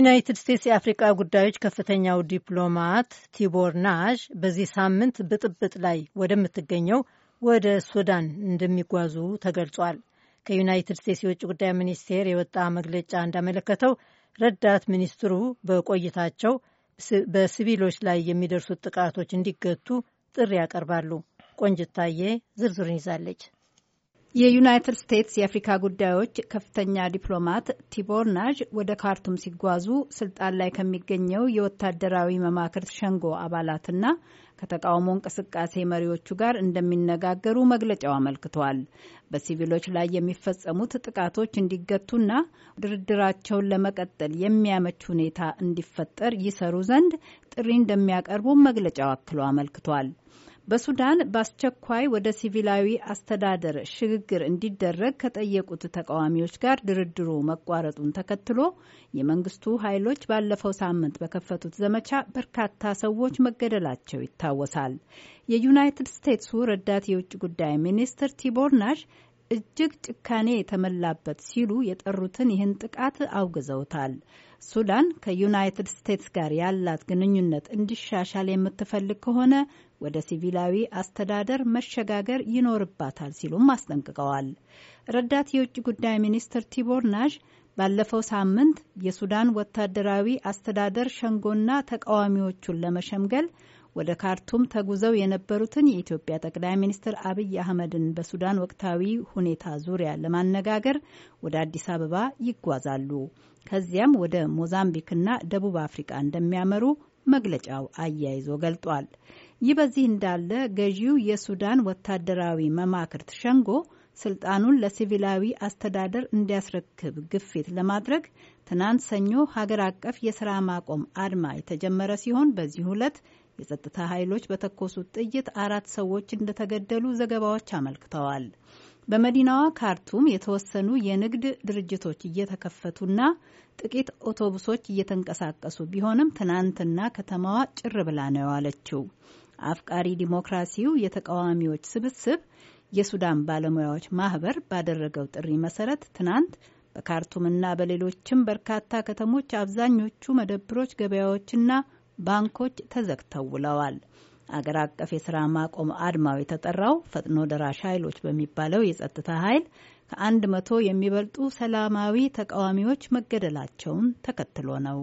የዩናይትድ ስቴትስ የአፍሪቃ ጉዳዮች ከፍተኛው ዲፕሎማት ቲቦር ናዥ በዚህ ሳምንት ብጥብጥ ላይ ወደምትገኘው ወደ ሱዳን እንደሚጓዙ ተገልጿል። ከዩናይትድ ስቴትስ የውጭ ጉዳይ ሚኒስቴር የወጣ መግለጫ እንዳመለከተው ረዳት ሚኒስትሩ በቆይታቸው በሲቪሎች ላይ የሚደርሱት ጥቃቶች እንዲገቱ ጥሪ ያቀርባሉ። ቆንጅታዬ ዝርዝሩን ይዛለች። የዩናይትድ ስቴትስ የአፍሪካ ጉዳዮች ከፍተኛ ዲፕሎማት ቲቦር ናዥ ወደ ካርቱም ሲጓዙ ስልጣን ላይ ከሚገኘው የወታደራዊ መማክርት ሸንጎ አባላትና ከተቃውሞ እንቅስቃሴ መሪዎቹ ጋር እንደሚነጋገሩ መግለጫው አመልክቷል። በሲቪሎች ላይ የሚፈጸሙት ጥቃቶች እንዲገቱና ድርድራቸውን ለመቀጠል የሚያመች ሁኔታ እንዲፈጠር ይሰሩ ዘንድ ጥሪ እንደሚያቀርቡ መግለጫው አክሎ አመልክቷል። በሱዳን በአስቸኳይ ወደ ሲቪላዊ አስተዳደር ሽግግር እንዲደረግ ከጠየቁት ተቃዋሚዎች ጋር ድርድሩ መቋረጡን ተከትሎ የመንግስቱ ኃይሎች ባለፈው ሳምንት በከፈቱት ዘመቻ በርካታ ሰዎች መገደላቸው ይታወሳል። የዩናይትድ ስቴትሱ ረዳት የውጭ ጉዳይ ሚኒስትር ቲቦር ናሽ እጅግ ጭካኔ የተመላበት ሲሉ የጠሩትን ይህን ጥቃት አውግዘውታል። ሱዳን ከዩናይትድ ስቴትስ ጋር ያላት ግንኙነት እንዲሻሻል የምትፈልግ ከሆነ ወደ ሲቪላዊ አስተዳደር መሸጋገር ይኖርባታል ሲሉም አስጠንቅቀዋል። ረዳት የውጭ ጉዳይ ሚኒስትር ቲቦር ናዥ ባለፈው ሳምንት የሱዳን ወታደራዊ አስተዳደር ሸንጎና ተቃዋሚዎቹን ለመሸምገል ወደ ካርቱም ተጉዘው የነበሩትን የኢትዮጵያ ጠቅላይ ሚኒስትር አብይ አህመድን በሱዳን ወቅታዊ ሁኔታ ዙሪያ ለማነጋገር ወደ አዲስ አበባ ይጓዛሉ። ከዚያም ወደ ሞዛምቢክና ደቡብ አፍሪቃ እንደሚያመሩ መግለጫው አያይዞ ገልጧል። ይህ በዚህ እንዳለ ገዢው የሱዳን ወታደራዊ መማክርት ሸንጎ ስልጣኑን ለሲቪላዊ አስተዳደር እንዲያስረክብ ግፊት ለማድረግ ትናንት ሰኞ ሀገር አቀፍ የስራ ማቆም አድማ የተጀመረ ሲሆን በዚህ ዕለት የጸጥታ ኃይሎች በተኮሱት ጥይት አራት ሰዎች እንደተገደሉ ዘገባዎች አመልክተዋል። በመዲናዋ ካርቱም የተወሰኑ የንግድ ድርጅቶች እየተከፈቱና ጥቂት አውቶቡሶች እየተንቀሳቀሱ ቢሆንም ትናንትና ከተማዋ ጭር ብላ ነው የዋለችው። አፍቃሪ ዲሞክራሲው የተቃዋሚዎች ስብስብ የሱዳን ባለሙያዎች ማህበር ባደረገው ጥሪ መሰረት ትናንት በካርቱምና በሌሎችም በርካታ ከተሞች አብዛኞቹ መደብሮች፣ ገበያዎችና ባንኮች ተዘግተው ውለዋል። አገር አቀፍ የስራ ማቆም አድማው የተጠራው ፈጥኖ ደራሽ ኃይሎች በሚባለው የጸጥታ ኃይል ከአንድ መቶ የሚበልጡ ሰላማዊ ተቃዋሚዎች መገደላቸውን ተከትሎ ነው።